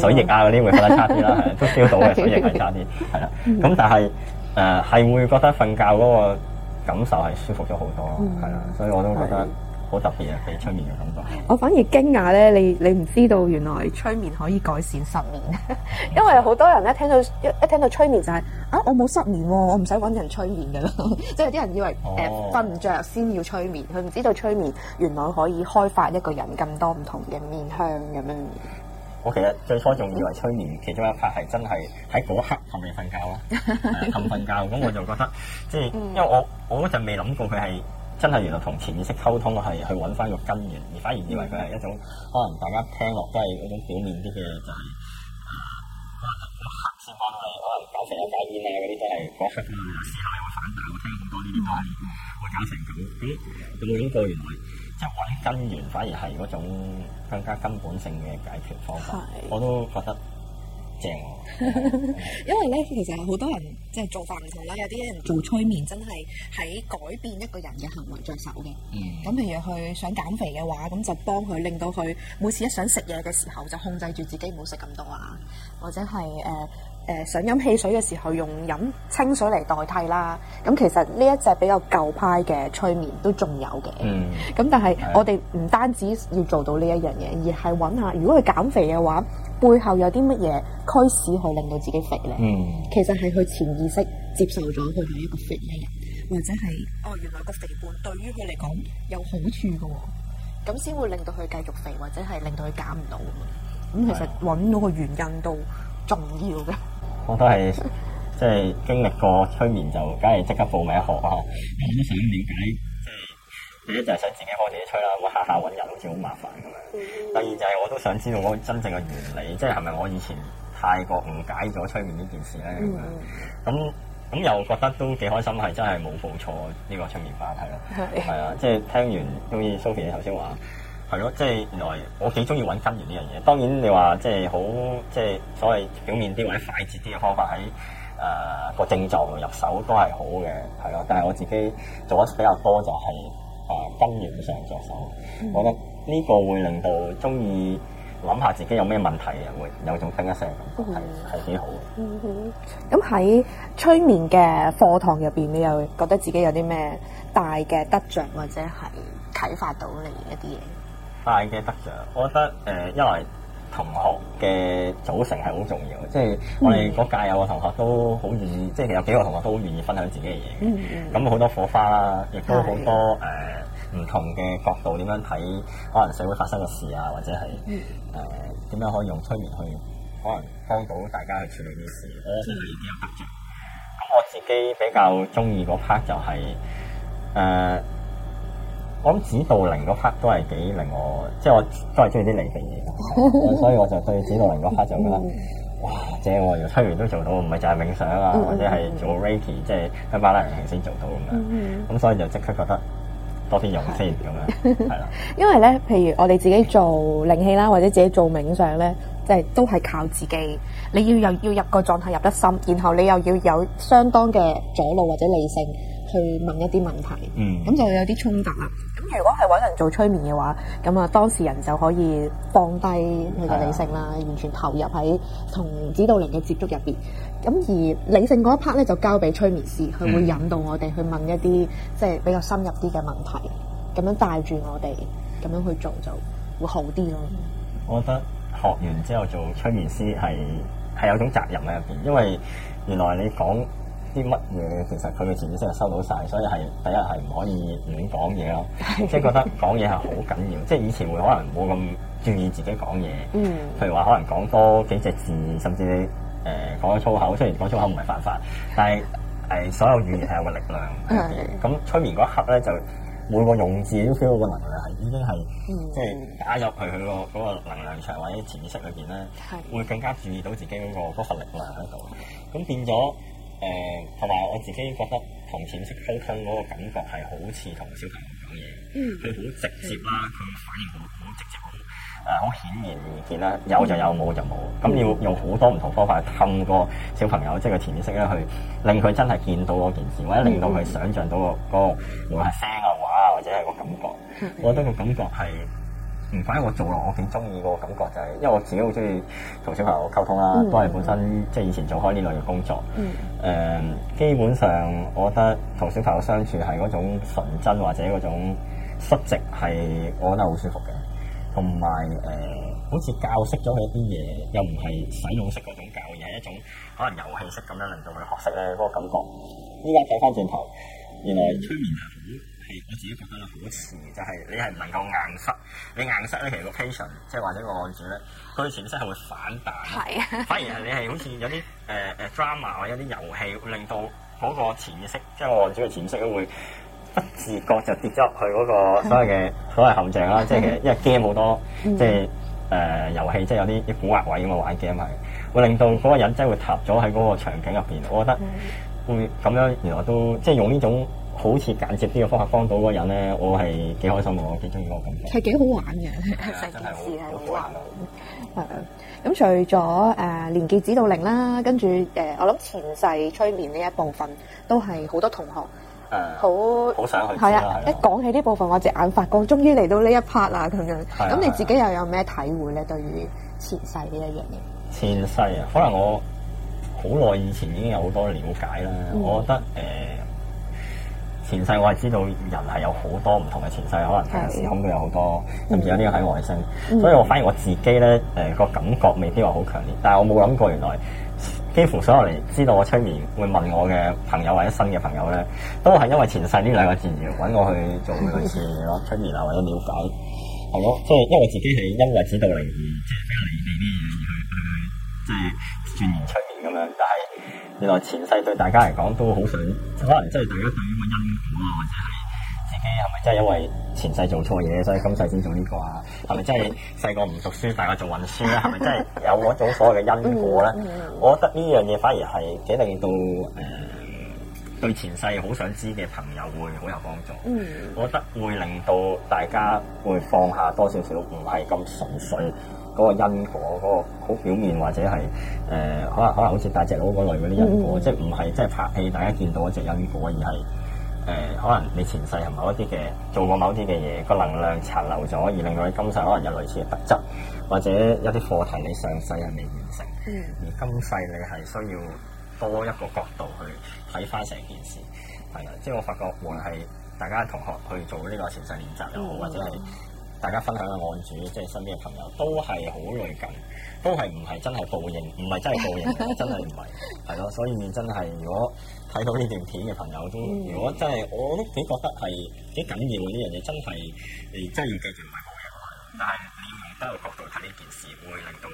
水液啊嗰啲會覺得差啲啦，都燒到嘅水液係差啲，係啦。咁但係誒係會覺得瞓覺嗰個感受係舒服咗好多，係啦、嗯的。所以我都覺得好特別啊，被催眠嘅感覺、嗯。我反而驚訝咧，你你唔知道原來催眠可以改善失眠， 因為好多人咧聽到一聽到催眠就係、是、啊，我冇失眠，我唔使搵人催眠㗎喇， 即係有啲人以為誒瞓唔着先要催眠，佢唔知道催眠原來可以開發一個人更多唔同嘅面向咁樣。我其實最初仲以為催眠其中一 part 係真係喺嗰刻氹你瞓覺啦，氹瞓、 啊、覺，咁 我就覺得即係，因為我我嗰陣未諗過佢係真係原來同潛意識溝通係去揾翻個根源，而反而以為佢係一種可能大家聽落都係嗰種表面啲嘅、就是，就係啊，可能喺嗰刻先翻，可能、嗯、搞成一戒煙啊嗰啲都係嗰一啊，又思考會反我聽咁多呢啲都係會搞成咁，咁冇諗過原來。即係揾根源，反而係嗰種更加根本性嘅解決方法，是我都覺得正。 嗯、因為咧，其實係好多人即係做法唔同啦，有啲人做催眠，真係喺改變一個人嘅行為著手嘅。咁、嗯、譬如佢想減肥嘅話，咁就幫佢令到佢每次一想食嘢嘅時候，就控制住自己唔好食咁多啊，或者係誒、呃誒、呃、想飲汽水嘅時候用飲清水嚟代替啦，咁、嗯、其實呢一隻比較舊派嘅催眠都仲有嘅。咁、嗯、但係我哋唔單止要做到呢一樣嘢，而係揾下如果佢減肥嘅話，背後有啲乜嘢驅使去令到自己肥咧？嗯、其實係佢潛意識接受咗佢係一個肥嘅或者係哦原來個肥胖對於佢嚟講有好處㗎喎、哦，咁先會令到佢繼續肥，或者係令到佢減唔到咁。其實揾到個原因都重要嘅。我都係即係經歷過催眠就，梗係即刻報名學啊！我都、嗯、想了解，即係第一就係、是就是、想自己幫自己催啦，我下下揾人好似好麻煩咁樣。嗯、第二就係、是、我都想知道我真正嘅原理，即係係咪我以前太過誤解咗催眠呢件事咧咁樣？咁咁、嗯、又覺得都幾開心，係真係冇報錯呢個催眠法係咯，係啊！即係是、就是、聽完好似 Sophie 你頭先話。係咯，即係原來我幾中意揾根源呢樣嘢。當然你話即係好即係所謂表面啲或者快捷啲嘅方法，喺誒個症狀入手都係好嘅，係咯。但係我自己做得比較多就係、是、誒、呃、根源上着手，嗯、我覺得呢個會令到中意諗下自己有咩問題嘅人會有種聽一聲，係係幾好嘅。咁喺、嗯、催眠嘅課堂入邊，你又覺得自己有啲咩大嘅得着，或者係啟發到你一啲嘢？大嘅、啊、特色，我覺得誒、呃，因為同學嘅組成係好重要，即、就、係、是、我哋嗰屆有個同學都好願意，即、就、係、是、有幾個同學都好願意分享自己嘅嘢，咁好、嗯嗯、多火花啦，亦都好多誒唔、呃、的同嘅角度點樣睇可能社會發生嘅事啊，或者係誒點樣可以用催眠去可能幫到大家去處理呢啲事，我覺得係幾有特色。咁我自己比較中意嗰 part 就係、是、誒。呃呃我諗指導靈嗰 part 都係幾令我，即係我都係中意啲靈奇嘢，所以我就對指導靈嗰 part 就覺得，哇，正喎，我要出完都做到，唔係就係冥想啊，或者係做 reiki，即係香巴拉儀式先做到咁樣，咁所以就即刻覺得多啲用先咁樣，係啦、嗯嗯。的因為咧，譬如我哋自己做靈氣啦，或者自己做冥想咧，即、就、係、是、都係靠自己。你要又要入個狀態入得深，然後你又要有相當嘅阻路或者理性去問一啲問題，咁、嗯、就會有啲衝突啦。如果係搵人做催眠嘅話，咁啊當事人就可以放低佢嘅理性啦，啊、完全投入喺同指導靈嘅接觸入邊。咁而理性嗰一 part 咧，就交俾催眠師，佢會引導我哋去問一啲、嗯、即係比較深入啲嘅問題，咁樣帶住我哋咁樣去做就會好啲咯。我覺得學完之後做催眠師係係有種責任喺入邊，因為原來你講。啲乜嘢其實佢嘅潛意識係收到晒，所以係第一係唔可以亂講嘢咯，即、就、係、是、覺得講嘢係好緊要。即、就、係、是、以前會可能冇咁注意自己講嘢，嗯，譬如話可能講多幾隻字，甚至你誒講粗口，雖然講粗口唔係犯法，但係誒、呃、所有語言係有個力量咁、嗯、的催眠嗰一刻咧，就每個用字都 feel 到個能量係已經係即係加入去佢個嗰個能量場或者潛意識裏邊咧，係的會更加注意到自己嗰、那個份、那個、力量喺度，咁變咗。誒同埋我自己覺得同潛意識溝通嗰個感覺係好似同小朋友講嘢，佢好直接啦，佢反應好好直接，誒好、嗯、顯然易見啦，有就有，有，就有，冇就冇。咁要用好多唔同方法去氹過小朋友，即係佢潛意識咧，去令佢真係見到嗰件事，或者令到佢想像到個個畫聲啊畫啊，或者係個感覺。嗯、我覺得個感覺係。唔怪得我做落，我幾中意個感覺就係、是，因為我自己好中意同小朋友溝通啦，嗯、都係本身即係以前做開呢類嘅工作。誒、嗯呃，基本上我覺得同小朋友相處係嗰種純真或者嗰種率直，係我覺得好舒服嘅。同埋誒，好似教識咗佢一啲嘢，又唔係使用式嗰種教嘢，係一種可能遊戲式咁樣令到佢學識咧，嗰、嗰個感覺。依家睇翻轉頭，原來催眠。譬如我自己覺得嘅好處就係你係唔能夠硬塞，你硬塞咧，其實個 patient 即係或者個案主咧，佢嘅潛意識係會反彈嘅，反而你係好似有啲誒誒 drama 或者有啲遊戲，會令到嗰個潛意識，即係個案主嘅潛意識咧，會不自覺就跌咗入去嗰個所謂嘅所謂陷阱啦。即係其實因為 game 好多，即係誒遊戲，即係有啲啲古惑位咁嘅玩 game 係，會令到嗰個人真係會塌咗喺嗰個場景入邊。我覺得會咁樣，原來都即係用呢種。好似間接呢個方法幫到嗰人咧，我係幾開心，我幾中意我咁。係幾好玩嘅，係成件事好係啊。咁除咗誒年紀指到令啦，跟住誒我諗前世催眠呢一部分都係好多同學，好好想去。係啊，一講起呢部分，我隻眼發光，終於嚟到呢一 part 啊，咁樣。咁你自己又有咩體會咧？對於前世呢一樣嘢？前世啊，可能我好耐以前已經有好多了解啦。我覺得誒。前世我係知道人係有好多唔同嘅前世，可能平行時空都有好多，甚至有啲嘢喺外星。Mm hmm. 所以我反而我自己咧，誒、呃、個感覺未必話好強烈，但係我冇諗過原來幾乎所有嚟知道我催眠會問我嘅朋友或者新嘅朋友咧，都係因為前世呢兩個字而揾我去做類似嘅催眠啊，或者瞭解係咯。所以因為我自己係因為指導靈而即係比較理解啲嘢而去去即係鑽研催眠咁樣。但係原來前世對大家嚟講都好想，可能即係大家對。或者係自己係咪真係因為前世做錯嘢，所以今世先做呢個啊？係咪 真係細個唔讀書，大個做運輸咧？係咪 真係有嗰種所謂嘅因果咧？ 嗯嗯、我覺得呢樣嘢反而係，既令到誒、呃、對前世好想知嘅朋友會好有幫助。嗯，我覺得會令到大家會放下多少少唔係咁純粹嗰個因果嗰、嗰個好表面或者係誒可能可能好似大隻佬嗰類嗰啲因果，嗯嗯、即係唔係即係拍戲大家見到嗰隻因果，而係。誒、呃，可能你前世係某一啲嘅做過某啲嘅嘢，個能量殘留咗，而令到你今世可能有類似嘅特質，或者一啲課題你上世又未完成。嗯、而今世你係需要多一個角度去睇翻成件事，係啊，即係我發覺無論係大家同學去做呢個前世練習又好，嗯、或者係大家分享嘅案主，即係身邊嘅朋友，都係好類近，都係唔係真係報應，唔係真係報應，真係唔係，係咯， 所以真係如果。睇到呢段片嘅朋友都，如果真係我都幾覺得係幾緊要嘅呢樣嘢，真係誒，真係要繼續唔係好嘅。但係你要用多個角度睇呢件事，會令到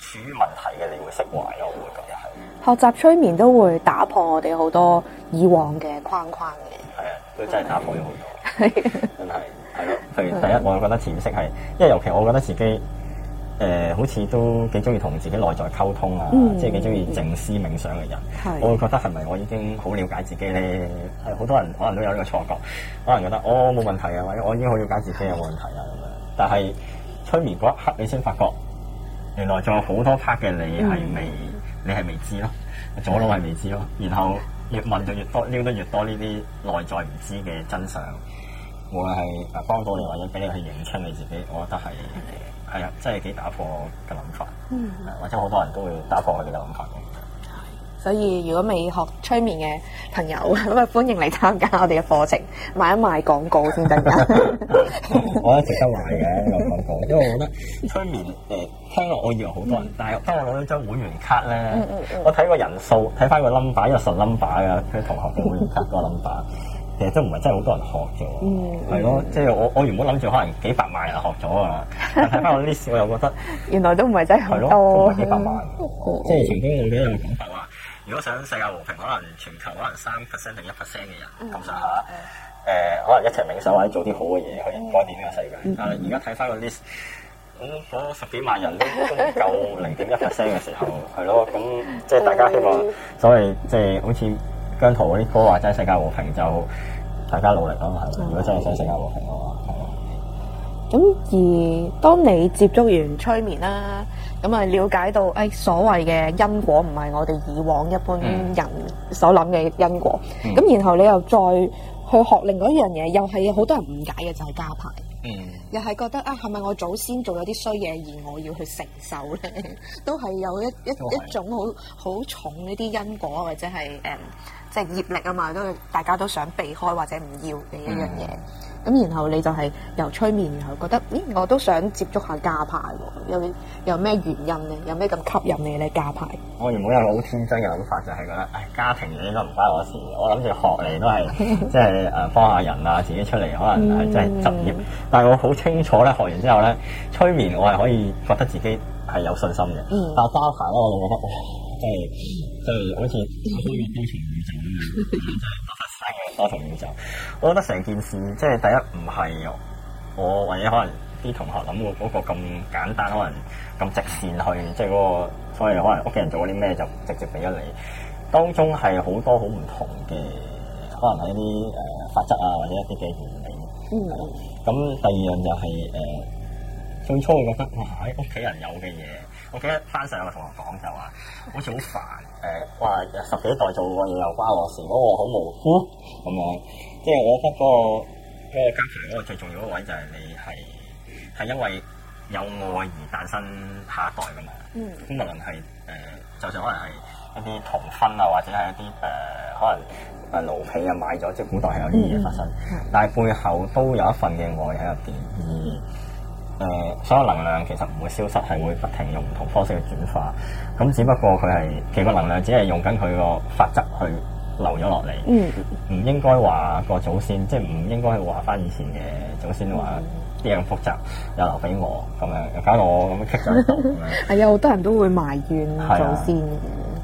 處於問題嘅你會釋懷咯，我會覺得係。學習催眠都會打破我哋好多以往嘅框框嘅。係啊，都真係打破咗好多， 真係係。譬如 第一，我就覺得潛意識係，因為尤其我覺得自己。誒、呃，好似都幾鍾意同自己內在溝通啊，嗯、即係幾鍾意靜思冥想嘅人。的我會覺得係咪我已經好了解自己咧？係好的多人可能都有呢個錯覺，可能覺得我冇、哦、問題啊，或者我已經好了解自己有冇問題啊咁樣。的但係催眠嗰一刻，你先發覺原來仲有好多 part 嘅你係未，嗯、你係未知咯，左腦係未知咯。然後越問就越多，撩得越多呢啲內在唔知嘅真相，會係幫到你或者俾你去認出你自己。我覺得係。嗯真係幾打破嘅諗法，嗯、或者好多人都會打破我哋嘅諗法嘅。所以如果未學催眠嘅朋友，咁 啊歡迎嚟參加我哋嘅課程，賣一賣廣告先得噶。 我一直都得賣嘅有廣告，因為我覺得催眠誒聽落，我以為好多人， 但係當我攞到張會員卡咧， 我睇個人數，睇翻個 number 有純 number 啊，啲同學會員卡都個 number。其實都唔係真係好多人學咗，係咯、mm.，即、就、係、是、我我原本諗住可能幾百萬人學咗啊，但睇翻個 list 我又覺得 原來都唔係真係好多，唔係幾百萬人。即係曾經我哋一樣講法話，如果想世界和平，可能全球可能三 percent 定一 percent 嘅人咁上下，誒、呃、可能一齊冥想或者做啲好嘅嘢去改變呢個世界。嗯嗯、但係而家睇翻個 list，咁嗰十幾萬人都都唔夠零點一 percent 嘅時候，係咯，咁即係大家希望 所謂即係好似。姜濤嗰啲歌，或者世界和平就大家努力咯，係。如果真係想世界和平嘅話，咁而當你接觸完催眠啦，咁啊瞭解到誒所謂嘅因果唔係我哋以往一般人所諗嘅因果，咁然後你又再去學另外一樣嘢，又係好多人誤解嘅就係家排，嗯，又係覺得啊係咪我祖先做咗啲衰嘢而我要去承受咧？都係有一一一種好好重呢啲因果或者係誒。即係業力啊嘛，都大家都想避開或者唔要嘅一樣嘢。咁、嗯、然後你就係由催眠，然後覺得，咦，我都想接觸下家牌喎、哦。有有咩原因咧？有咩咁吸引你咧？家牌？我原本有好天真嘅諗法，就係覺得，唉、哎，家庭嘢應該唔關我事。我諗住學嚟都係即係誒幫下人啊， 自己出嚟可能即係執業。嗯、但係我好清楚咧，學完之後咧，催眠我係可以覺得自己係有信心嘅。嗯、但係包牌咧，我就覺得，真係。即係好似、嗯、多層宇宙咁樣，即多層宇宙。我覺得成件事即係第一唔係我或者可能啲同學諗過嗰個咁簡單，可能咁直線去，即係嗰個，所以可能屋企人做啲咩就直接俾咗你。當中係好多好唔同嘅，可能係一啲誒、呃、法則啊，或者一啲嘅原理。咁、嗯嗯、第二樣就係、是、誒、呃、最初我覺得，哇、哎！喺屋企人有嘅嘢。我記得翻上個同學講就話，好似好煩，誒、呃、話十幾代做過嘢又關我事，嗰、嗯就係嗰個好模糊，咁樣。即係我覺得嗰個家庭嗰個最重要嗰位就係你係係因為有愛而誕生下一代㗎嘛。嗯，可能係誒，就算可能係一啲童婚啊，或者係一啲誒、呃，可能誒奴婢啊買咗，即係古代係有啲嘢發生，嗯、但係背後都有一份嘅愛喺入邊。嗯。誒、呃，所有能量其實唔會消失，係會不停用唔同方式去轉化。咁只不過佢係其個能量只係用緊佢個法則去留咗落嚟，唔、嗯、應該話個祖先，即係唔應該話返以前嘅祖先話啲咁複雜又留俾我咁樣，又搞到我咁樣 k i 係啊，好 多人都會埋怨祖、啊、先。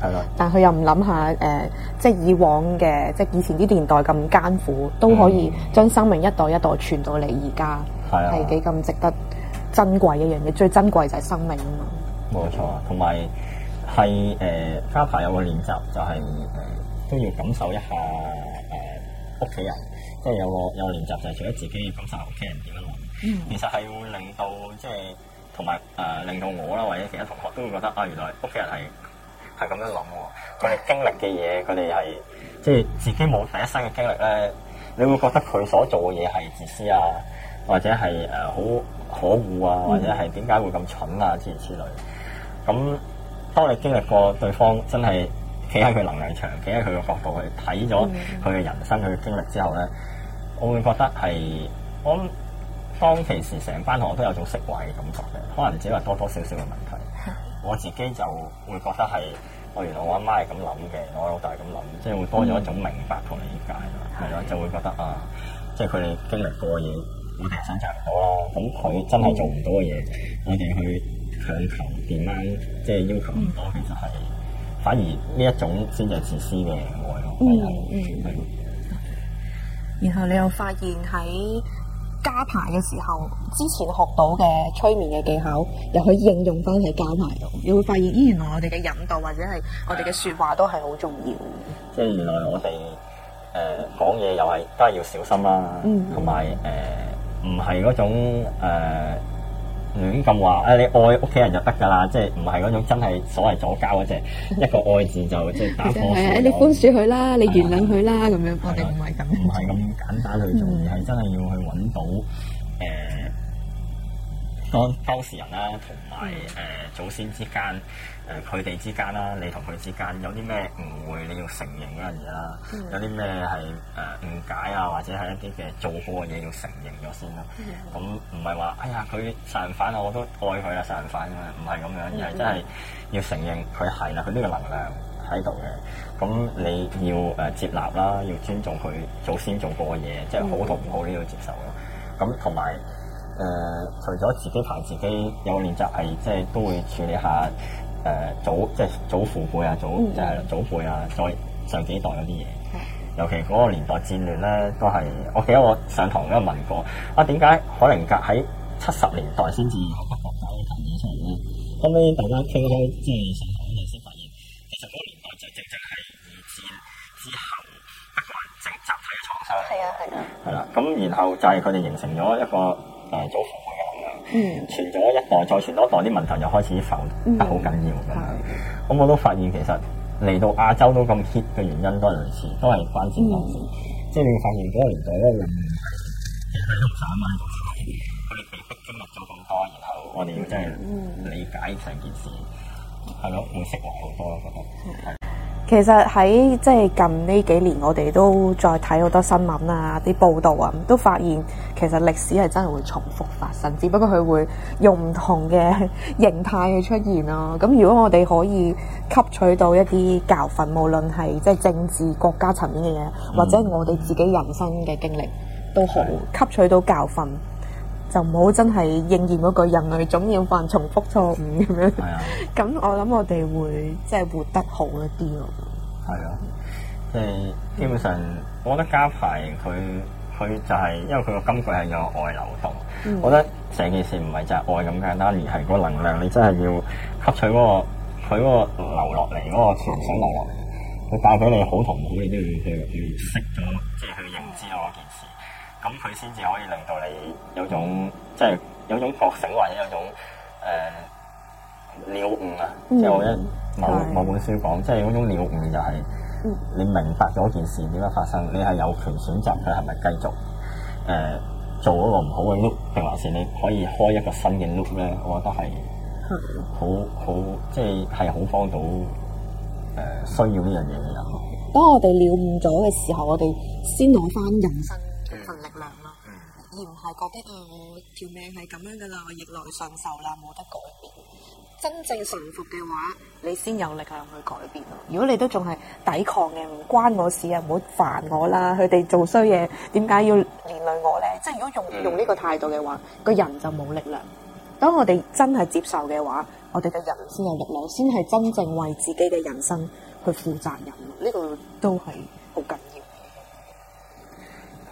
係啦、啊，但係佢又唔諗下誒，即係以往嘅，即係以前啲年代咁艱苦，都可以將生命一代一代傳到嚟而家，係幾咁值得。珍貴一樣嘢，最珍貴就係生命啊嘛！冇錯，同埋係誒，嘉、呃、有個練習就係、是、誒、呃，都要感受一下誒屋企人，即、就、係、是、有個有個練習就係，除咗自己感受屋企人點樣諗，嗯、其實係會令到即係同埋誒令到我啦，或者其他同學都會覺得啊，原來屋企人係係咁樣諗喎、啊，佢哋經歷嘅嘢，佢哋係即係自己冇第一身嘅經歷咧，你會覺得佢所做嘅嘢係自私啊，或者係誒好。呃呃可惡啊，或者係點解會咁蠢啊，之類之類。咁當你經歷過對方真係企喺佢能量場、企喺佢嘅角度去睇咗佢嘅人生、佢嘅經歷之後咧，我會覺得係我當其時成班同學都有種釋懷嘅感覺嘅，可能只係多多少少嘅問題。 我自己就會覺得係我原來我阿媽係咁諗嘅，我老豆係咁諗，即係會多咗一種明白同理解，係啦、嗯，就會覺得啊，即係佢哋經歷過嘢。我哋生產唔到咯，咁佢真係做唔到嘅嘢，我哋去強求點樣，即係要求唔多，其實係反而呢一種先至自私嘅行為咯。嗯嗯。然後你又發現喺加牌嘅時候，之前學到嘅催眠嘅技巧，又可以應用翻喺加牌度。你會發現，咦，原來我哋嘅引導或者係我哋嘅説話都係好重要。即係、嗯嗯、原來我哋誒講嘢又係都係要小心啦、啊，同埋誒。呃嗯唔係嗰種誒、呃、亂咁話，誒、啊、你愛屋企人就得㗎啦，即係唔係嗰種真係所謂左膠嗰隻一個愛字就 即係打火。係啊， 你寬恕佢啦，你原諒佢啦，咁、啊、樣我哋唔係咁，唔係咁簡單去做， 啊、而係真係要去揾到誒。呃 嗯、當當事人啦，同埋誒祖先之間，誒佢哋之間啦，你同佢之間有啲咩誤會，你要承認嗰樣嘢啦；嗯、有啲咩係誒誤解啊，或者係一啲嘅做過嘅嘢要承認咗先啦。咁唔係話哎呀，佢殺人犯啊，我都愛佢啦，殺人犯啊，唔係咁樣，而係、嗯、真係要承認佢係啦，佢呢個能量喺度嘅。咁你要誒接納啦，要尊重佢祖先做過嘅嘢，即係好同唔好你要接受咯。咁同埋。誒、呃，除咗自己排自己有練習，係即係都會處理下誒祖、啊，即係祖父輩啊，祖即係祖輩啊，再、嗯、上幾代嗰啲嘢。嗯、尤其嗰個年代戰亂咧，都係我記得我上堂嗰陣問過，啊點解海靈格喺七十年代先至搞嗰層嘢出嚟咧？後尾大家傾開，即係上堂嗰陣先發現，其實嗰個年代就正正係二戰之後，德國人一個整集體嘅創傷。係啊係啊。係啦，咁然後就係佢哋形成咗一個。祖父母咁樣，嗯、傳咗一代再傳多代，啲問題就開始浮得好緊要咁、嗯、樣。咁的我都發現其實嚟到亞洲都咁 hit 嘅原因都類似，都係發展歷史。嗯、即係你發現嗰個年代人樣係，係鄉下啊嘛，佢哋被逼咗做咁多，然後我哋要真係理解成件事，係咯、嗯嗯、會釋懷好多咯，覺得。嗯嗯。其實喺即係近呢幾年，我哋都再睇好多新聞啊、啲報道啊，都發現其實歷史係真係會重複發生，只不過佢會用唔同嘅形態去出現咯啊。咁如果我哋可以吸取到一啲教訓，無論係即係政治國家層面嘅嘢，或者我哋自己人生嘅經歷都好，吸取到教訓。就唔好真係應驗嗰句人類總要犯重複錯誤咁樣。係啊。咁 我諗我哋會即係活得好一啲咯。係啊。即、就、係、是、基本上，我覺得加埋佢佢就係、是、因為佢個金句係有愛流動。嗯、我覺得成件事唔係就係愛咁簡單，而係個能量你真係要吸取嗰、那個佢嗰流落嚟嗰個情緒流落嚟，佢帶俾你好痛苦，你都要去去釋咗，即係去認知嗰件事。咁佢先至可以令到你有種，即係有種覺醒，或者有種誒了悟啊！嗯、即係我一我我本書講，即係嗰種了悟就係你明白咗件事點樣發生，嗯、你係有權選擇佢係咪繼續誒做一個唔好嘅 loop，定還是你可以開一個新嘅 loop 咧？我覺得係的好好，即係係好幫到誒需要呢樣嘢嘅人。當我哋了悟咗嘅時候，我哋先攞翻人生份力量咯，而唔係覺得我條命係咁樣噶啦，我逆來順受啦，冇得改變。真正臣服嘅話，你先有力量去改變咯。如果你都仲係抵抗嘅，唔關我事啊，唔好煩我啦。佢哋做衰嘢，點解要連累我咧？即係如果用用呢個態度嘅話，個人就冇力量。當我哋真係接受嘅話，我哋嘅人先有力量，先係真正為自己嘅人生去負責任。呢個都係好緊。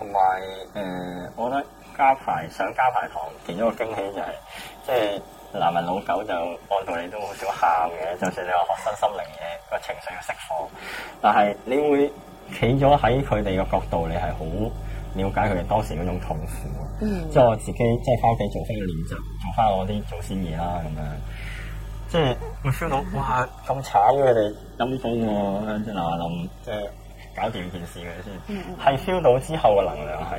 同埋誒，我覺得加排上加排堂，其中一個驚喜就係、是，即係男人老狗就按道理都好少喊嘅。就算你話學生心靈嘅，個情緒要釋放，但係你會企咗喺佢哋嘅角度，你係好了解佢哋當時嗰種痛苦。嗯、即係我自己，即係返屋企做翻練習，做翻我啲祖先嘢啦，咁樣。即係我 feel 到，哇、嗯！咁慘嘅佢哋，陰風即係南即係。搞掂件事嘅先，係 feel 到之後嘅能量係誒、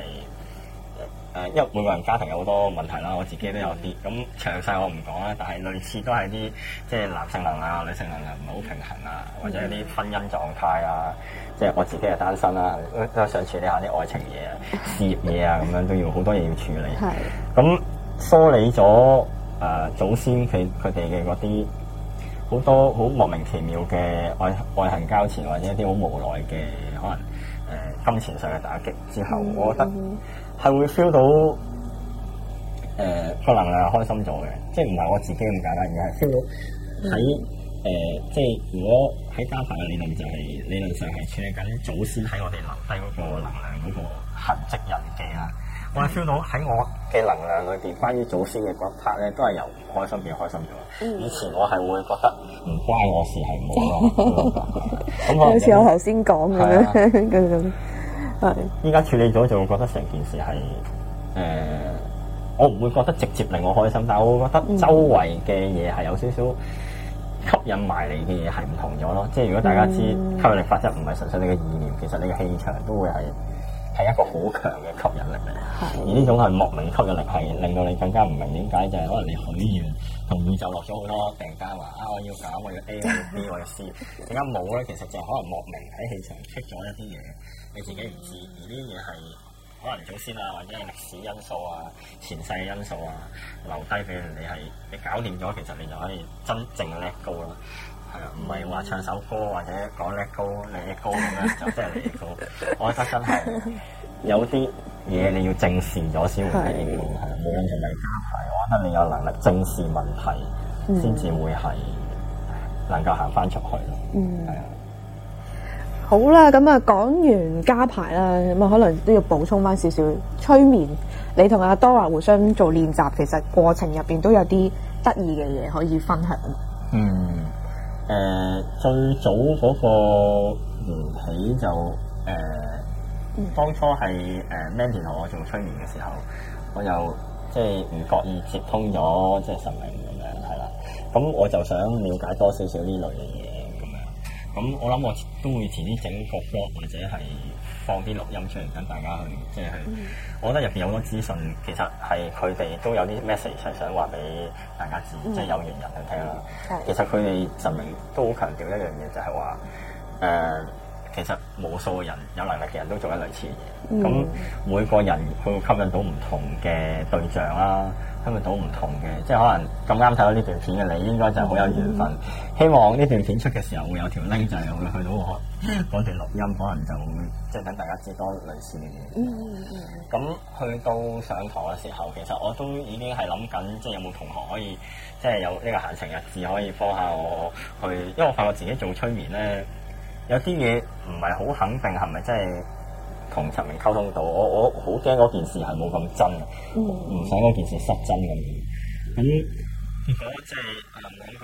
呃，因為每個人家庭有好多問題啦，我自己都有啲咁詳細我唔講啦，但係類似都係啲即係男性能量、啊、女性能量唔係好平衡啊，或者啲婚姻狀態啊，即係我自己係單身啊，都想處理下啲愛情嘢、啊、事業嘢啊，咁樣都要好多嘢要處理。係，咁梳理咗誒、呃、祖先佢佢哋嘅嗰啲。好多好莫名其妙嘅愛愛恨交纏，或者一啲好無奈嘅，可能誒、呃、金錢上嘅打擊之後，嗯、我覺得係會 feel 到誒個、呃、能量開心咗嘅，即係唔係我自己咁簡單，而係 feel 到喺誒、嗯呃，即係如果喺加法嘅理論就係理論上係處理緊祖先喺我哋留低嗰個能量嗰個痕跡印嘅。啊，我係 feel 到喺我。嗯嘅能量裏邊，關於祖先嘅嗰 part 咧，都係由唔開心變開心咗。嗯、以前我係會覺得唔關我事係冇咯，好似我頭先講咁樣。係、啊。依家 是處理咗就會覺得成件事係誒、呃，我唔會覺得直接令我開心，但係我會覺得周圍嘅嘢係有少少吸引埋嚟嘅嘢係唔同咗咯。嗯、即係如果大家知吸引力法則唔係純粹你嘅意念，其實你嘅氣場都會係。係一個好強嘅吸引力，嚟的。而呢種係莫名吸引力，係令到你更加唔明點解，就係可能你許願同宇宙落咗好多訂單話啊，我要搞，我要 A，我要 B，我要 C。更加冇咧？其實就可能莫名喺氣場出咗一啲嘢，你自己唔知。而呢啲嘢係可能祖先啊，或者係歷史因素啊、前世因素啊，留低俾你。你係你搞掂咗，其實你就可以真正 let go 啦。唱首歌或者講叻你靚歌咁樣，就真係叻歌。我覺得真係有啲嘢你要正視咗先會係，冇咁容易加排？我覺得你有能力正視問題，先至、嗯、會係能夠行翻出去。嗯。係啊。好啦，咁啊講完加排啦，咁啊可能都要補充翻少少催眠。你同阿多華互相做練習，其實過程入邊都有啲得意嘅嘢可以分享。嗯。誒、呃、最早嗰個緣起就誒、呃，當初係誒 Mandy 同我做催眠嘅時候，我又即係唔覺意接通咗即係神明咁樣，係啦。咁我就想了解多少少呢類嘅嘢咁樣。咁我諗我都會遲啲整個 blog 或者係。放啲錄音出嚟，等大家去，去，即係、嗯，我覺得入邊有好多資訊，其實係佢哋都有啲 message 想話俾大家知，即係、嗯、有緣人去聽啦。嗯、其實佢哋實名都好強調一樣嘢，就係、是、話，誒、呃，其實無數人有能力嘅人都做緊類似嘅嘢，咁、嗯、每個人佢會吸引到唔同嘅對象啦。分咪好唔同嘅，即係可能咁啱睇到呢段片嘅你，應該就係好有緣分。嗯、希望呢段片出嘅時候會有條 link 就係會去到我我哋 錄音，可能就會，即係等大家知多類似嘅嘢。咁、嗯嗯嗯、去到上堂嘅時候，其實我都已經係諗緊即係有冇同學可以即係、就是、有呢個行程日誌可以幫下我,我去，因為我發覺自己做催眠咧，有啲嘢唔係好肯定係咪真係。同陳明溝通到，我我好驚嗰件事係冇咁真，唔、嗯、想嗰件事失真咁。咁嗰即係誒嗰佢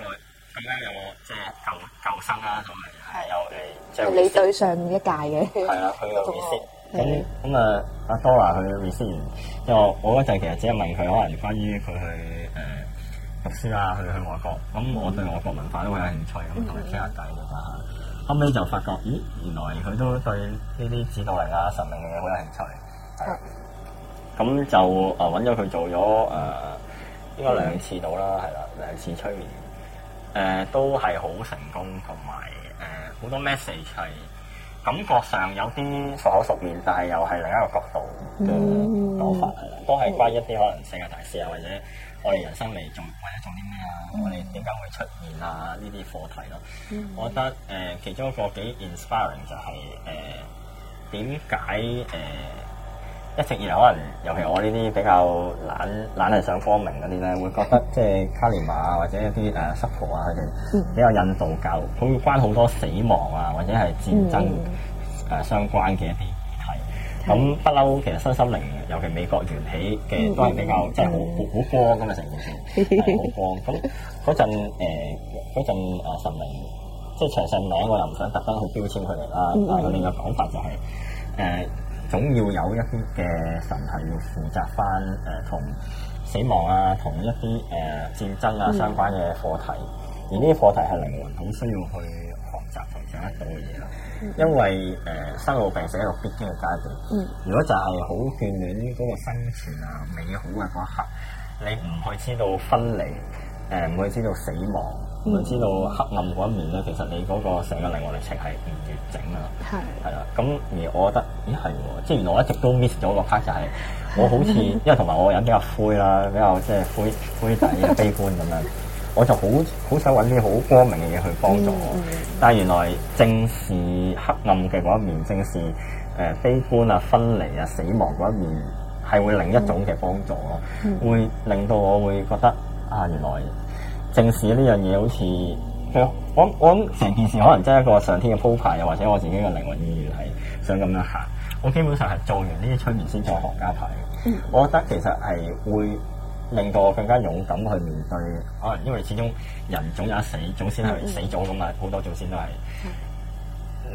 更加有冇即係舊舊生啊，咁樣係有是即係你對上一屆嘅。係啊，佢又會先咁咁啊，阿 Dora 佢個意思。因為的我我嗰陣其實只係問佢，可能關於佢去誒讀書啊，呃、去去外國。咁我對外國文化都會有興趣，咁同佢傾下偈㗎。後尾就發覺，咦，原來佢都對呢啲指導人啊、神明嘅嘢好有興趣。係、嗯，咁就啊揾咗佢做咗啊、呃，應該兩次到啦，係啦、嗯，兩次催眠，誒、呃，都係好成功，同埋誒好多 message 係。感覺上有啲熟口熟面，但係又係另一個角度嘅講法，mm hmm. 都係關於一啲可能性嘅大事啊，或者我哋人生未做，或者做啲咩啊，mm hmm. 我哋點解會出現啊呢啲課題咯。Mm hmm. 我覺得誒、呃、其中一個幾 inspiring 就係誒點解誒。呃一直以嚟可能，尤其我呢啲比較懶懶係想光明嗰啲咧，會覺得即係卡尼馬啊或者一啲誒濕婆啊佢哋比較印度教，佢會關好多死亡啊或者係戰爭誒相關嘅一啲議題。咁不嬲，其實身心靈尤其美國崛起嘅都係比較即係好好光㗎嘛成件事，好、嗯、光。咁嗰陣誒嗰、呃、陣神明，即係邪神靈，我又唔想特登去標籤佢哋啦。但佢哋嘅講法就係、是、誒。呃呃總要有一啲嘅神係要負責翻，誒、呃，同死亡啊，同一啲誒、呃、戰爭啊相關嘅課題，嗯、而呢啲課題係靈魂好需要去學習同想得到嘅嘢咯。嗯、因為誒、呃，生老病死一個必經嘅階段。嗯、如果就係好眷戀嗰個生存啊美好嘅嗰一刻，你唔去知道分離，誒、呃，唔去知道死亡。我、嗯、知道黑暗嗰一面咧，其實你嗰個成個靈魂歷程係唔完整啊，係啦的。咁而我覺得，咦係喎，即係原來我一直都 miss 咗嗰 part 就係、是，我好似因為同埋我個人比較灰啦，比較即係灰灰底、悲觀咁樣， 我就好好想揾啲好光明嘅嘢去幫助我。的但係原來正視黑暗嘅嗰一面，正視誒悲觀啊、分離啊、死亡嗰一面，係會另一種嘅幫助咯，嗯、會令到我會覺得啊，原來。正視呢樣嘢，好似 我我我成件事可能真係一個上天嘅鋪排，又或者我自己嘅靈魂意願係想咁樣行， 我基本上係做完呢啲催眠先再行家牌 我覺得其實係會令到我更加勇敢去面對，可能 因為始終人總有一死，祖先係死咗噶嘛，好多祖先都係，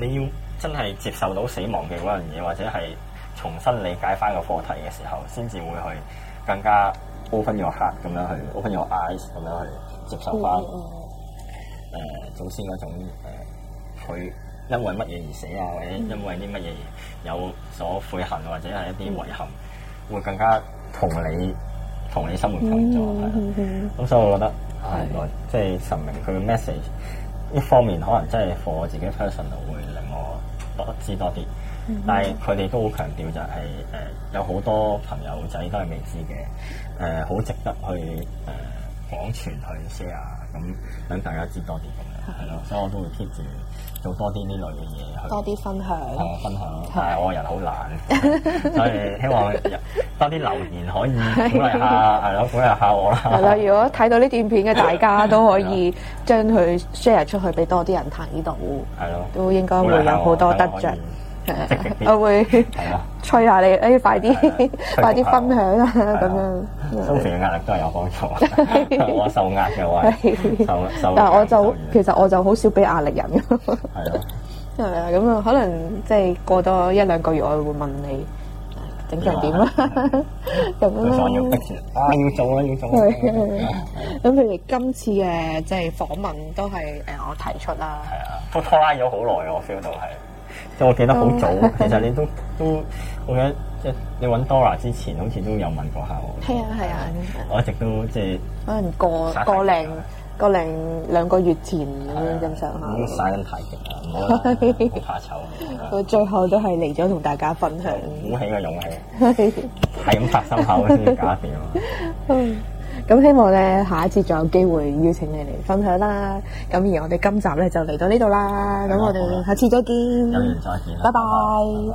你要真係接受到死亡嘅嗰樣嘢，或者係重新理解翻個課題嘅時候，先至會去更加 open your heart 咁樣去，open your eyes 咁樣去。接受翻誒、呃、祖先嗰種誒，佢、呃、因為乜嘢而死啊，嗯、或者因為啲乜嘢有所悔恨，或者係一啲遺憾，嗯、會更加同你同你生活近咗，係咁，所以我覺得係，即係的神明佢嘅 message 一方面可能真係 for 我自己 personal 會令我多知多啲，嗯、但係佢哋都好強調就係、是、誒、呃、有好多朋友仔都係未知嘅誒，好、呃呃、值得去誒。呃呃廣傳去 share 啊，咁等大家知多啲咁樣，係咯的，所以我都會 keep 住做多啲呢類嘅嘢，多啲分享，分享。的但係我人好懶， 所以希望多啲留言可以鼓勵下，係咯的，鼓勵下我啦。係啦，如果睇到呢段片嘅大家都可以的將佢 share 出去俾多啲人睇到，係咯的，都應該會有好多得着。我會催下你，哎，快啲，快啲分享啊！咁樣，舒緩壓力都係有幫助。我受壓嘅話，受受。但係我就其實我就好少俾壓力人嘅。係啊，係啊，咁啊，可能即係過多一兩個月，我會問你整成點啦。咁啊，啊要做啦，要做。咁譬如今次嘅即係訪問都係誒我提出啦。係啊，都拖拉咗好耐。我 feel 到係。即我記得好早，其實你都都我記得，即係你揾 Dora 之前，好似都有問過下我。係啊係啊，我一直都即係可能個個零個零兩個月前咁樣，咁上下。都嘥緊太極啦，唔好怕醜。佢最後都係嚟咗同大家分享，鼓起個勇氣，係咁拍心口先至講得掂啊！咁希望呢下一次仲有機會邀請你嚟分享啦。咁而我哋今集呢就嚟到呢度啦。咁我哋下次再見。再見。拜拜。